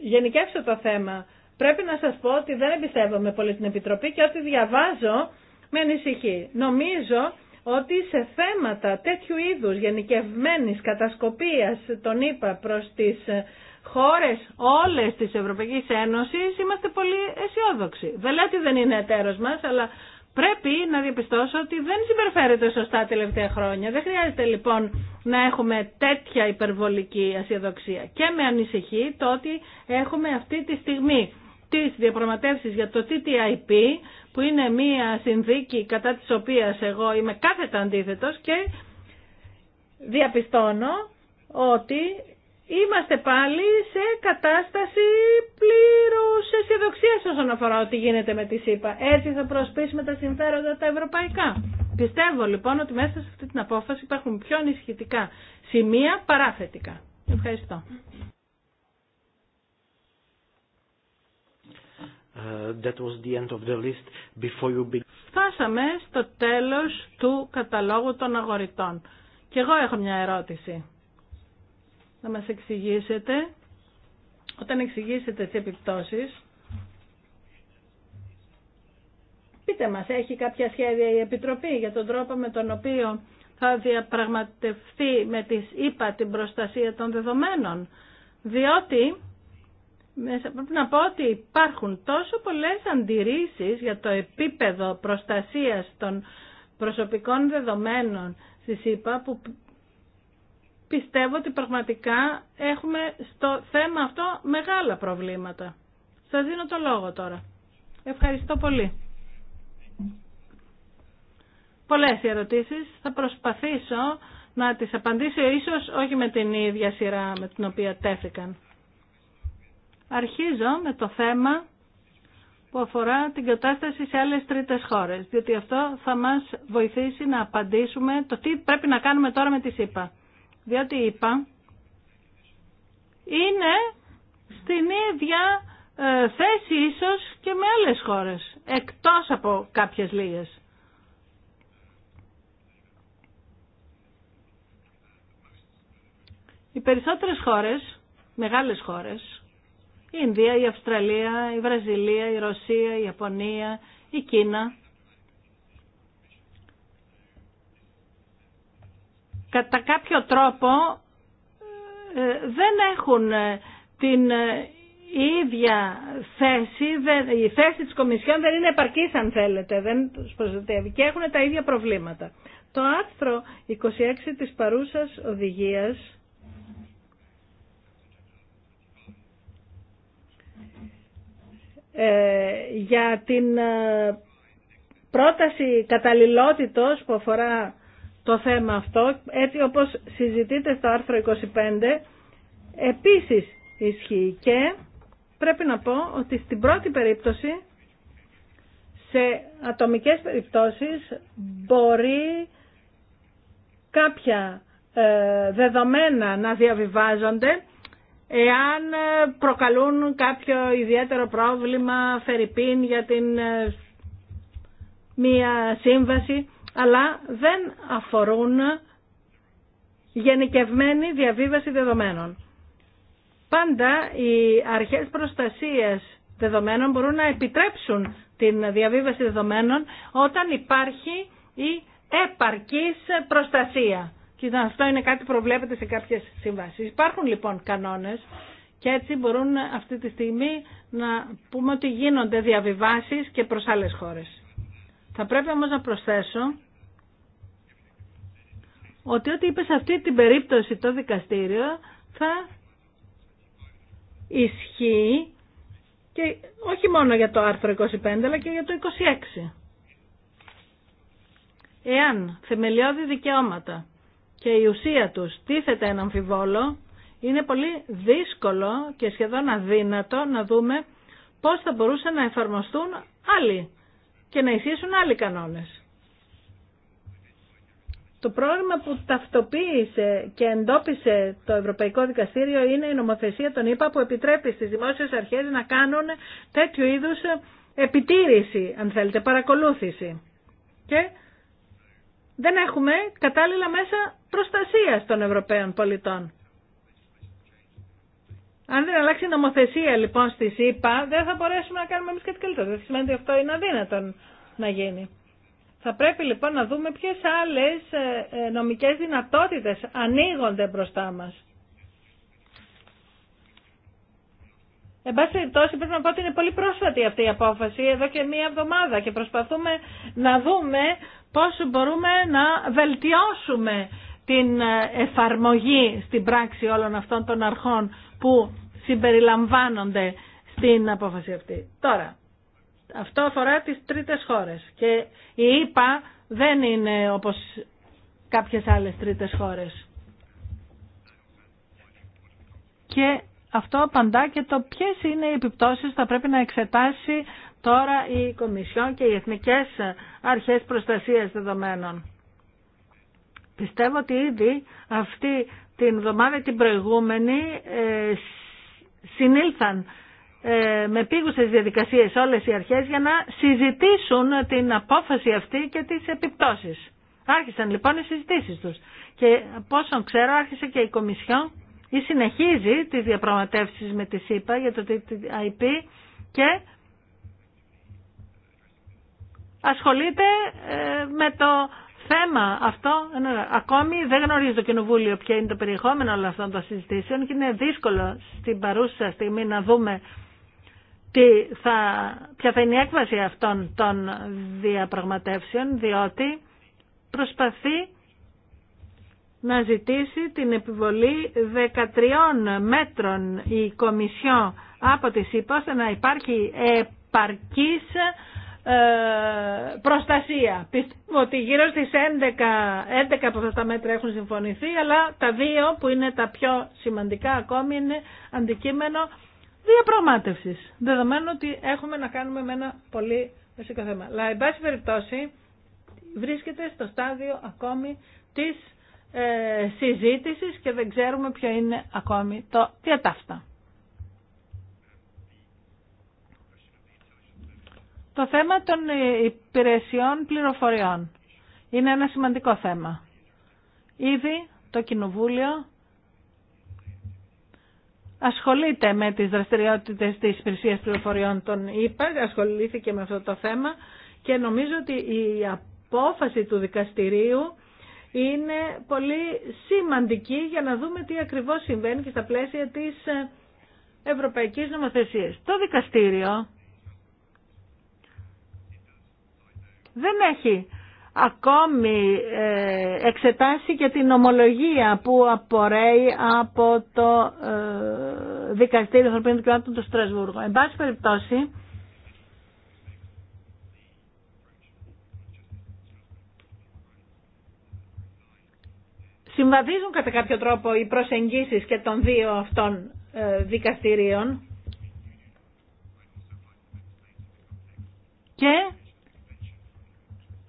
γενικεύσω το θέμα. Πρέπει να σας πω ότι δεν εμπιστεύομαι πολύ την Επιτροπή και ό,τι διαβάζω με ανησυχεί. Νομίζω ότι σε θέματα τέτοιου είδους γενικευμένης κατασκοπίας τον είπα προς τις χώρες όλες της Ευρωπαϊκής Ένωσης είμαστε πολύ αισιόδοξοι. Δεν λέω ότι δεν είναι εταίρος μας, αλλά πρέπει να διαπιστώσω ότι δεν συμπεριφέρεται σωστά τελευταία χρόνια. Δεν χρειάζεται λοιπόν να έχουμε τέτοια υπερβολική ασιοδοξία. Και με ανησυχεί το ότι έχουμε αυτή τη στιγμή τις διαπραγματεύσεις για το TTIP που είναι μια συνθήκη κατά της οποίας εγώ είμαι κάθετα αντίθετος και διαπιστώνω ότι είμαστε πάλι σε κατάσταση πλήρους αισιοδοξίας όσον αφορά ότι γίνεται με τη ΣΥΠΑ. Έτσι θα προσπίσουμε τα συμφέροντα τα ευρωπαϊκά. Πιστεύω λοιπόν ότι μέσα σε αυτή την απόφαση υπάρχουν πιο ενισχυτικά σημεία παράθετικα. Ευχαριστώ. Uh, that was the end of the list before you... Φτάσαμε στο τέλος του καταλόγου των αγοριτών. Και εγώ έχω μια ερώτηση να μας εξηγήσετε, όταν εξηγήσετε τις επιπτώσεις, πείτε μας, έχει κάποια σχέδια η Επιτροπή για τον τρόπο με τον οποίο θα διαπραγματευτεί με τις ΕΠΑ την προστασία των δεδομένων, διότι πρέπει να πω ότι υπάρχουν τόσο πολλές αντιρρήσεις για το επίπεδο προστασίας των προσωπικών δεδομένων στις ΕΠΑ, που πιστεύω ότι πραγματικά έχουμε στο θέμα αυτό μεγάλα προβλήματα. Σας δίνω το λόγο τώρα. Ευχαριστώ πολύ. Πολλές οι ερωτήσεις. Θα προσπαθήσω να τις απαντήσω ίσως όχι με την ίδια σειρά με την οποία τέθηκαν. Αρχίζω με το θέμα που αφορά την κατάσταση σε άλλες τρίτες χώρες, διότι αυτό θα μας βοηθήσει να απαντήσουμε το τι πρέπει να κάνουμε τώρα με τη ΣΥΠΑ διότι είπα είναι στην ίδια ε, θέση ίσως και με άλλες χώρες, εκτός από κάποιες λίγες. Οι περισσότερες χώρες, μεγάλες χώρες, η Ινδία, η Αυστραλία, η Βραζιλία, η Ρωσία, η Ιαπωνία, η Κίνα, κατά κάποιο τρόπο ε, δεν έχουν ε, την ε, ίδια θέση, η θέση της Κομισιόν δεν είναι επαρκής αν θέλετε, δεν τους προστατεύει και έχουν τα ίδια προβλήματα. Το άρθρο 26 της παρούσας οδηγίας ε, για την πρόταση καταλληλότητος που αφορά το θέμα αυτό, έτσι όπως συζητείτε στο άρθρο 25, επίσης ισχύει και πρέπει να πω ότι στην πρώτη περίπτωση, σε ατομικές περιπτώσεις, μπορεί κάποια ε, δεδομένα να διαβιβάζονται εάν ε, προκαλούν κάποιο ιδιαίτερο πρόβλημα, φερρυπίν για την ε, μία σύμβαση αλλά δεν αφορούν γενικευμένη διαβίβαση δεδομένων. Πάντα οι αρχές προστασίας δεδομένων μπορούν να επιτρέψουν την διαβίβαση δεδομένων όταν υπάρχει η επαρκής προστασία. Και αυτό είναι κάτι που προβλέπεται σε κάποιες συμβάσεις. Υπάρχουν λοιπόν κανόνες και έτσι μπορούν αυτή τη στιγμή να πούμε ότι γίνονται διαβιβάσεις και προς άλλες χώρες. Θα πρέπει όμως να προσθέσω ότι ό,τι είπε σε αυτή την περίπτωση το δικαστήριο θα ισχύει και όχι μόνο για το άρθρο 25 αλλά και για το 26. Εάν θεμελιώδη δικαιώματα και η ουσία τους τίθεται ένα αμφιβόλο, είναι πολύ δύσκολο και σχεδόν αδύνατο να δούμε πώς θα μπορούσαν να εφαρμοστούν άλλοι και να ισχύσουν άλλοι κανόνες. Το πρόγραμμα που ταυτοποίησε και εντόπισε το Ευρωπαϊκό Δικαστήριο είναι η νομοθεσία των ΗΠΑ που επιτρέπει στις δημόσιες αρχές να κάνουν τέτοιου είδους επιτήρηση, αν θέλετε, παρακολούθηση. Και δεν έχουμε κατάλληλα μέσα προστασίας των Ευρωπαίων πολιτών. Αν δεν αλλάξει η νομοθεσία λοιπόν στις ΗΠΑ, δεν θα μπορέσουμε να κάνουμε εμείς κάτι καλύτερο. Δεν σημαίνει ότι αυτό είναι αδύνατο να γίνει. Θα πρέπει λοιπόν να δούμε ποιες άλλες ε, ε, νομικές δυνατότητες ανοίγονται μπροστά μας. Εν πάση περιπτώσει πρέπει να πω ότι είναι πολύ πρόσφατη αυτή η απόφαση, εδώ και μία εβδομάδα και προσπαθούμε να δούμε πώς μπορούμε να βελτιώσουμε την ε, εφαρμογή στην πράξη όλων αυτών των αρχών που συμπεριλαμβάνονται στην απόφαση αυτή. Τώρα, αυτό αφορά τις τρίτες χώρες και η ΕΠΑ δεν είναι όπως κάποιες άλλες τρίτες χώρες. Και αυτό απαντά και το ποιες είναι οι επιπτώσεις θα πρέπει να εξετάσει τώρα η Κομισιόν και οι Εθνικές Αρχές Προστασίας Δεδομένων. Πιστεύω ότι ήδη αυτή την εβδομάδα την προηγούμενη ε, συνήλθαν ε, με πήγουσες διαδικασίες όλες οι αρχές για να συζητήσουν την απόφαση αυτή και τις επιπτώσεις. Άρχισαν λοιπόν οι συζητήσεις τους και από ξέρω άρχισε και η Κομισιόν ή συνεχίζει τις διαπραγματεύσεις με τη ΣΥΠΑ για το TTIP και ασχολείται ε, με το θέμα αυτό. Ακόμη δεν γνωρίζει το Κοινοβούλιο ποια είναι το περιεχόμενο όλων αυτών των συζητήσεων και είναι δύσκολο στην παρούσα στιγμή να δούμε τι θα, ποια θα είναι η έκβαση αυτών των διαπραγματεύσεων, διότι προσπαθεί να ζητήσει την επιβολή 13 μέτρων η Κομισιό από τη ΣΥΠΑ ώστε να υπάρχει επαρκής ε, προστασία. Πιστεύω ότι γύρω στις 11, 11 από αυτά τα μέτρα έχουν συμφωνηθεί, αλλά τα δύο που είναι τα πιο σημαντικά ακόμη είναι αντικείμενο Διαπραγματεύση. δεδομένου ότι έχουμε να κάνουμε με ένα πολύ βασικό θέμα. Αλλά, εν πάση περιπτώσει, βρίσκεται στο στάδιο ακόμη της ε, συζήτησης και δεν ξέρουμε ποιο είναι ακόμη το διατάφτα. Το θέμα των ε, υπηρεσιών πληροφοριών είναι ένα σημαντικό θέμα. Ήδη το Κοινοβούλιο ασχολείται με τις δραστηριότητες της υπηρεσία πληροφοριών των ΙΠΑ, ασχολήθηκε με αυτό το θέμα και νομίζω ότι η απόφαση του δικαστηρίου είναι πολύ σημαντική για να δούμε τι ακριβώς συμβαίνει και στα πλαίσια της ε, ευρωπαϊκής νομοθεσίας. Το δικαστήριο δεν έχει ακόμη ε, εξετάσει και την ομολογία που απορρέει από το ε, Δικαστήριο Ανθρωπίνων Δικαιωμάτων του Στρασβούργου. Εν πάση περιπτώσει, συμβαδίζουν κατά κάποιο τρόπο οι προσεγγίσεις και των δύο αυτών ε, δικαστηρίων και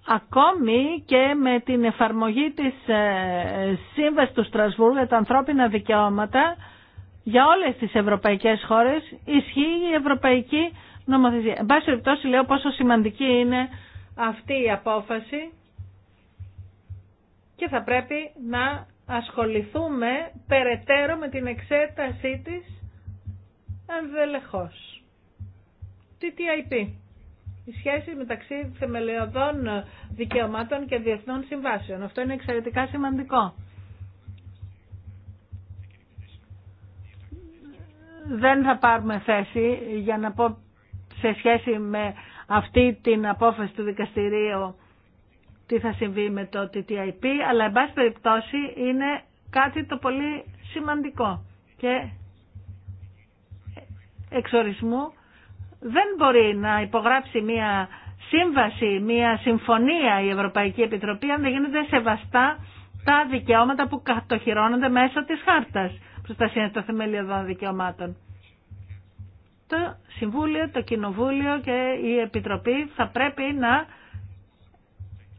ακόμη και με την εφαρμογή της ε, Σύμβασης του Στρασβούργου για τα ανθρώπινα δικαιώματα για όλες τις ευρωπαϊκές χώρες ισχύει η ευρωπαϊκή νομοθεσία. Εν πάση περιπτώσει λέω πόσο σημαντική είναι αυτή η απόφαση και θα πρέπει να ασχοληθούμε περαιτέρω με την εξέτασή της ενδελεχώς. TTIP οι σχέσεις μεταξύ θεμελιωδών δικαιωμάτων και διεθνών συμβάσεων. Αυτό είναι εξαιρετικά σημαντικό. Δεν θα πάρουμε θέση για να πω σε σχέση με αυτή την απόφαση του δικαστηρίου τι θα συμβεί με το TTIP, αλλά εν πάση περιπτώσει είναι κάτι το πολύ σημαντικό και εξορισμού δεν μπορεί να υπογράψει μία σύμβαση, μία συμφωνία η Ευρωπαϊκή Επιτροπή αν δεν γίνονται σεβαστά τα δικαιώματα που κατοχυρώνονται μέσω της χάρτας προστασία των θεμελιωδών δικαιωμάτων. Το Συμβούλιο, το Κοινοβούλιο και η Επιτροπή θα πρέπει να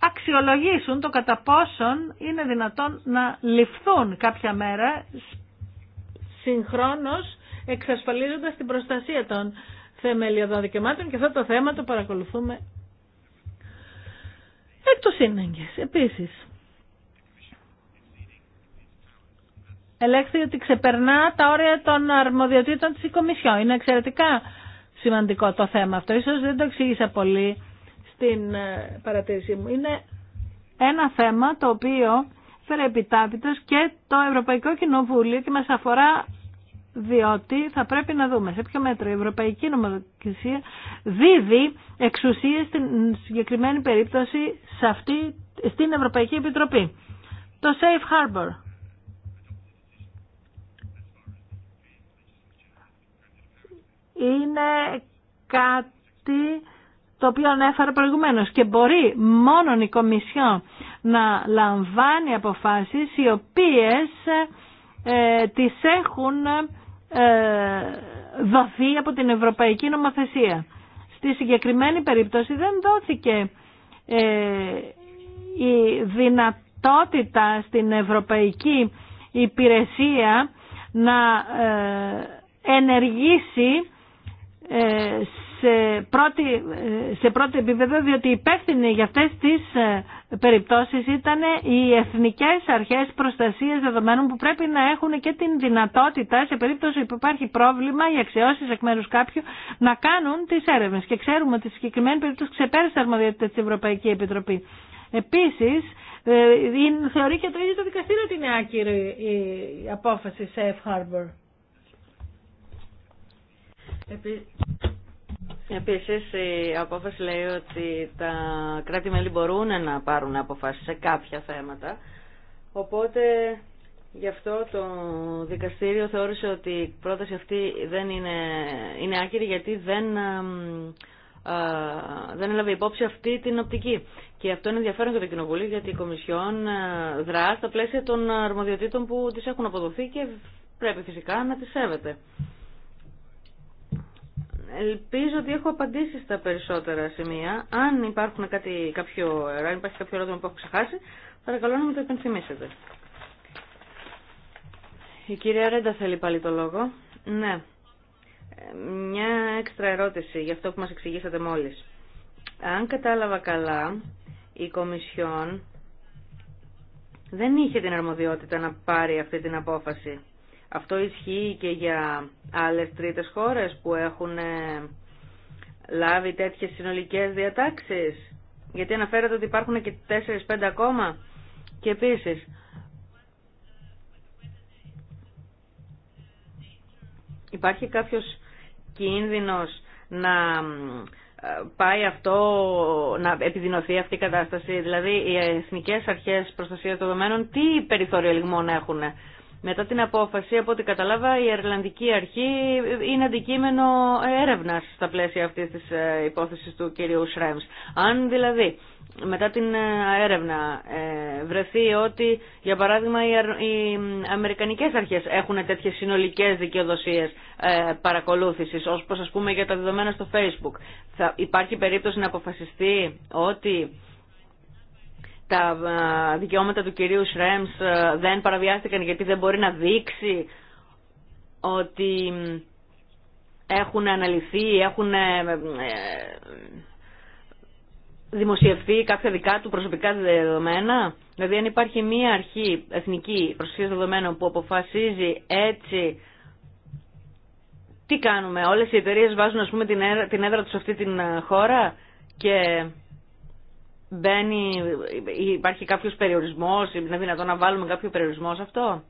αξιολογήσουν το κατά πόσον είναι δυνατόν να ληφθούν κάποια μέρα συγχρόνως εξασφαλίζοντας την προστασία των θεμελιωδών δικαιωμάτων και αυτό το θέμα το παρακολουθούμε εκ των σύνεγγες. Επίσης, ελέγχθη ότι ξεπερνά τα όρια των αρμοδιοτήτων της Κομισιόν. Είναι εξαιρετικά σημαντικό το θέμα αυτό. Ίσως δεν το εξήγησα πολύ στην ε, παρατήρησή μου. Είναι ένα θέμα το οποίο φέρε επιτάπητος και το Ευρωπαϊκό Κοινοβούλιο και μας αφορά διότι θα πρέπει να δούμε σε ποιο μέτρο η Ευρωπαϊκή Νομοθεσία δίδει εξουσίες στην συγκεκριμένη περίπτωση σε αυτή, στην Ευρωπαϊκή Επιτροπή. Το Safe Harbor. Είναι κάτι το οποίο ανέφερα προηγουμένως και μπορεί μόνο η Κομισιόν να λαμβάνει αποφάσεις οι οποίες ε, τις έχουν ε, δοθεί από την Ευρωπαϊκή Νομοθεσία. Στη συγκεκριμένη περίπτωση δεν δόθηκε ε, η δυνατότητα στην Ευρωπαϊκή Υπηρεσία να ε, ενεργήσει σε, πρώτη, σε επίπεδο διότι υπεύθυνοι για αυτές τις ε, περιπτώσεις ήταν οι εθνικές αρχές προστασίας δεδομένων που πρέπει να έχουν και την δυνατότητα σε περίπτωση που υπάρχει πρόβλημα η αξιώσει εκ μέρους κάποιου να κάνουν τις έρευνες και ξέρουμε ότι σε συγκεκριμένη περίπτωση ξεπέρασε αρμοδιότητα της Ευρωπαϊκή Επιτροπή. Επίσης, ε, θεωρεί και το ίδιο το δικαστήριο ότι είναι άκυρη η απόφαση Safe Harbor. Επίση, η απόφαση λέει ότι τα κράτη-μέλη μπορούν να πάρουν αποφάσεις σε κάποια θέματα. Οπότε γι' αυτό το δικαστήριο θεώρησε ότι η πρόταση αυτή δεν είναι, είναι άκυρη γιατί δεν, α, δεν έλαβε υπόψη αυτή την οπτική. Και αυτό είναι ενδιαφέρον για το Κοινοβούλιο γιατί η Κομισιόν δρά στα πλαίσια των αρμοδιοτήτων που τη έχουν αποδοθεί και πρέπει φυσικά να τις σέβεται. Ελπίζω ότι έχω απαντήσει στα περισσότερα σημεία. Αν υπάρχουν κάτι, κάποιο, αν υπάρχει κάποιο ερώτημα που έχω ξεχάσει, παρακαλώ να μου το υπενθυμίσετε. Η κυρία Ρέντα θέλει πάλι το λόγο. Ναι. Μια έξτρα ερώτηση για αυτό που μας εξηγήσατε μόλις. Αν κατάλαβα καλά, η Κομισιόν δεν είχε την αρμοδιότητα να πάρει αυτή την απόφαση. Αυτό ισχύει και για άλλες τρίτες χώρες που έχουν ε, λάβει τέτοιες συνολικές διατάξεις. Γιατί αναφέρεται ότι υπάρχουν και 4-5 ακόμα. Και επίσης, υπάρχει κάποιος κίνδυνος να ε, πάει αυτό, να επιδεινωθεί αυτή η κατάσταση. Δηλαδή, οι εθνικές αρχές προστασίας των δεδομένων τι περιθώριο λιγμών έχουν μετά την απόφαση, από ό,τι καταλάβα, η Ιρλανδική Αρχή είναι αντικείμενο έρευνα στα πλαίσια αυτή τη ε, υπόθεση του κυρίου Σρέμ. Αν δηλαδή μετά την ε, έρευνα ε, βρεθεί ότι, για παράδειγμα, οι Αμερικανικέ Αρχέ έχουν τέτοιε συνολικέ δικαιοδοσίε παρακολούθηση, όπω α πούμε για τα δεδομένα στο Facebook, θα υπάρχει περίπτωση να αποφασιστεί ότι τα δικαιώματα του κυρίου Σρέμς δεν παραβιάστηκαν γιατί δεν μπορεί να δείξει ότι έχουν αναλυθεί, έχουν ε, ε, δημοσιευθεί κάποια δικά του προσωπικά δεδομένα. Δηλαδή αν υπάρχει μία αρχή εθνική προσωπικής δεδομένων που αποφασίζει έτσι τι κάνουμε, όλες οι εταιρείες βάζουν ας πούμε την έδρα τους σε αυτή την ε, χώρα και μπαίνει, υπάρχει κάποιος περιορισμός, είναι δυνατόν να βάλουμε κάποιο περιορισμό σε αυτό.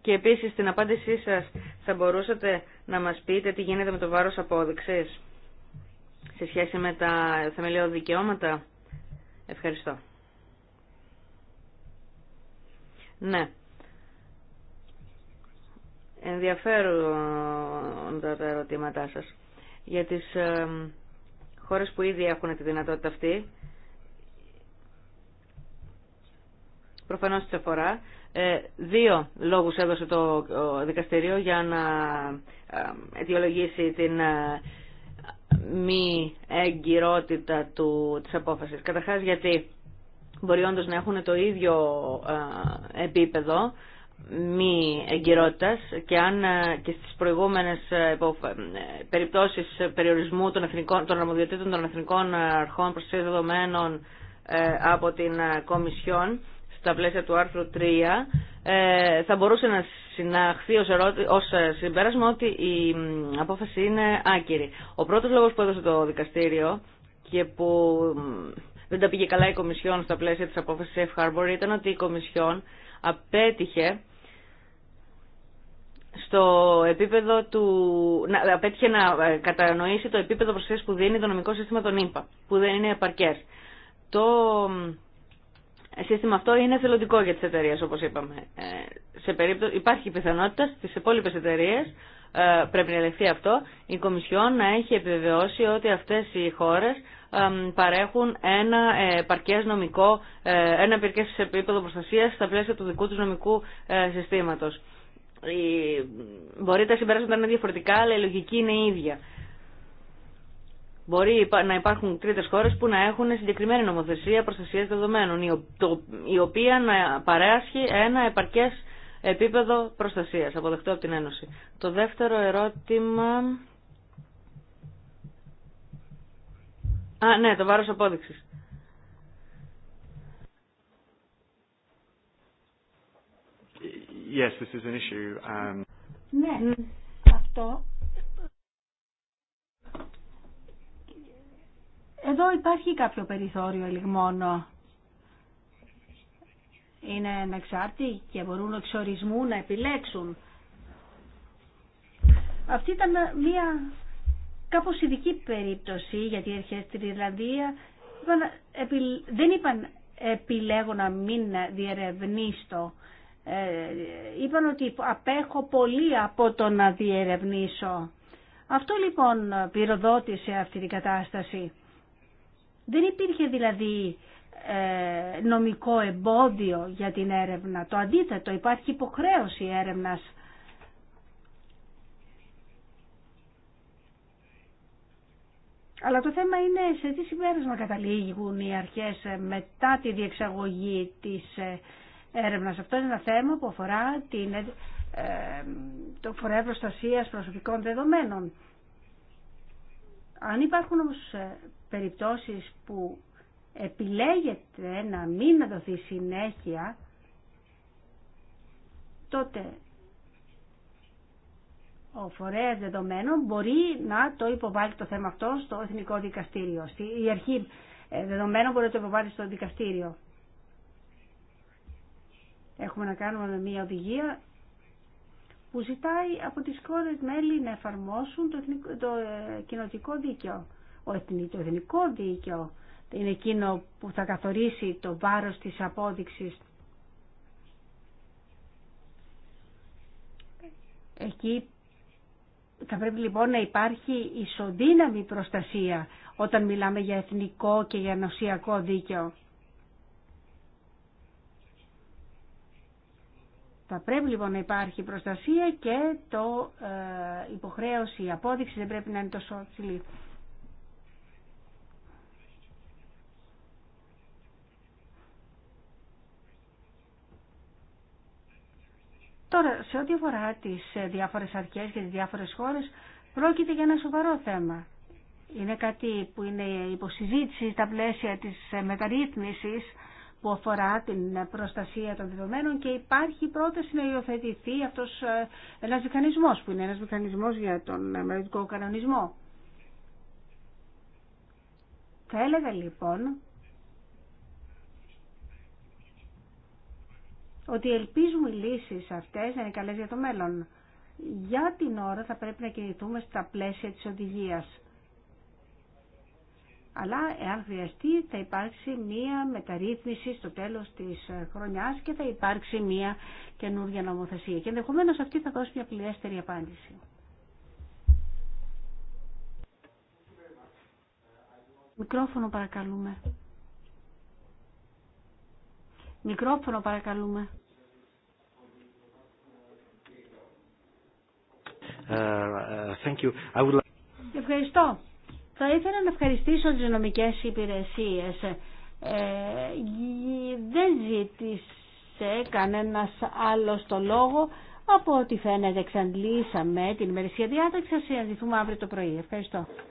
Και επίσης στην απάντησή σας θα μπορούσατε να μας πείτε τι γίνεται με το βάρος απόδειξης σε σχέση με τα θεμελιώδη δικαιώματα. Ευχαριστώ. Ναι. Ενδιαφέρουν τα ερωτήματά σας για τις ε, χώρες που ήδη έχουν τη δυνατότητα αυτή, προφανώς της αφορά. Ε, δύο λόγους έδωσε το δικαστήριο για να ε, αιτιολογήσει την ε, μη εγκυρότητα του, της απόφασης. Καταρχάς γιατί μπορεί όντως να έχουν το ίδιο επίπεδο μη εγκυρότητας και αν ε, και στις προηγούμενες ε, ε, περιπτώσεις περιορισμού των, εθνικών, των αρμοδιοτήτων των εθνικών αρχών προστασίας δεδομένων από την Κομισιόν στα πλαίσια του άρθρου 3 θα μπορούσε να συναχθεί ως, ως συμπέρασμα ότι η απόφαση είναι άκυρη. Ο πρώτος λόγος που έδωσε το δικαστήριο και που δεν τα πήγε καλά η Κομισιόν στα πλαίσια της απόφασης Safe Harbor ήταν ότι η Κομισιόν απέτυχε στο επίπεδο του, να, απέτυχε να ε, κατανοήσει το επίπεδο προστασία που δίνει το νομικό σύστημα των ΗΠΑ, που δεν είναι επαρκέ. Το σύστημα αυτό είναι θελοντικό για τι εταιρείε, όπω είπαμε. Ε, σε περίπτωση, υπάρχει πιθανότητα στι υπόλοιπε εταιρείε ε, πρέπει να ελεγχθεί αυτό, η Κομισιόν να έχει επιβεβαιώσει ότι αυτέ οι χώρε ε, παρέχουν ένα ε, επαρκές νομικό, ένα επίπεδο προστασίας στα πλαίσια του δικού τους νομικού συστήματος μπορεί τα συμπεράσματα να είναι διαφορετικά, αλλά η λογική είναι η ίδια. Μπορεί να υπάρχουν τρίτες χώρε που να έχουν συγκεκριμένη νομοθεσία προστασία δεδομένων, η οποία να παρέασχει ένα επαρκές επίπεδο προστασίας, αποδεκτό από την Ένωση. Το δεύτερο ερώτημα... Α, ναι, το βάρο απόδειξη. Yes, this is an issue. Um... Ναι, αυτό. Εδώ υπάρχει κάποιο περιθώριο ελιγμόνο Είναι ανεξάρτητοι και μπορούν εξορισμού να επιλέξουν. Αυτή ήταν μια κάπως ειδική περίπτωση γιατί έρχεται στην Ιρλανδία δεν είπαν επιλέγω να μην διερευνήσω ε, είπαν ότι απέχω πολύ από το να διερευνήσω. Αυτό λοιπόν πυροδότησε αυτή την κατάσταση. Δεν υπήρχε δηλαδή ε, νομικό εμπόδιο για την έρευνα. Το αντίθετο, υπάρχει υποχρέωση έρευνας. Αλλά το θέμα είναι σε τι συμπέρασμα καταλήγουν οι αρχές μετά τη διεξαγωγή της ε, έρευνας. Αυτό είναι ένα θέμα που αφορά την, ε, το φορέα προστασία προσωπικών δεδομένων. Αν υπάρχουν όμως ε, περιπτώσεις που επιλέγεται να μην δοθεί συνέχεια, τότε ο φορέας δεδομένων μπορεί να το υποβάλει το θέμα αυτό στο Εθνικό Δικαστήριο. Η αρχή ε, δεδομένων μπορεί να το υποβάλει στο δικαστήριο. Έχουμε να κάνουμε με μια οδηγία που ζητάει από τις χώρες μέλη να εφαρμόσουν το, εθνικό, το ε, κοινοτικό δίκαιο. Ο εθνικό, το εθνικό δίκαιο είναι εκείνο που θα καθορίσει το βάρος της απόδειξης. Εκεί θα πρέπει λοιπόν να υπάρχει ισοδύναμη προστασία όταν μιλάμε για εθνικό και για νοσιακό δίκαιο. Θα πρέπει λοιπόν να υπάρχει προστασία και το ε, υποχρέωση, η απόδειξη δεν πρέπει να είναι τόσο ψηλή. Τώρα, σε ό,τι αφορά τις ε, διάφορες αρχές και τις διάφορες χώρες, πρόκειται για ένα σοβαρό θέμα. Είναι κάτι που είναι υποσυζήτηση στα πλαίσια της ε, μεταρρύθμισης που αφορά την προστασία των δεδομένων και υπάρχει πρόταση να υιοθετηθεί αυτός ε, ένας μηχανισμός που είναι ένας μηχανισμός για τον μελλοντικό κανονισμό. Θα έλεγα λοιπόν ότι ελπίζουμε οι λύσεις αυτές να είναι καλές για το μέλλον. Για την ώρα θα πρέπει να κινηθούμε στα πλαίσια της οδηγίας αλλά εάν χρειαστεί θα υπάρξει μία μεταρρύθμιση στο τέλος της ε, χρονιάς και θα υπάρξει μία καινούργια νομοθεσία. Και ενδεχομένως αυτή θα δώσει μια πληρέστερη απάντηση. Μικρόφωνο παρακαλούμε. Μικρόφωνο παρακαλούμε. Uh, uh, thank you. I would... Ευχαριστώ. Θα ήθελα να ευχαριστήσω τις νομικές υπηρεσίες. Ε, δεν ζήτησε κανένας άλλος το λόγο. Από ό,τι φαίνεται εξαντλήσαμε την ημερησία διάταξη. Σας αύριο το πρωί. Ευχαριστώ.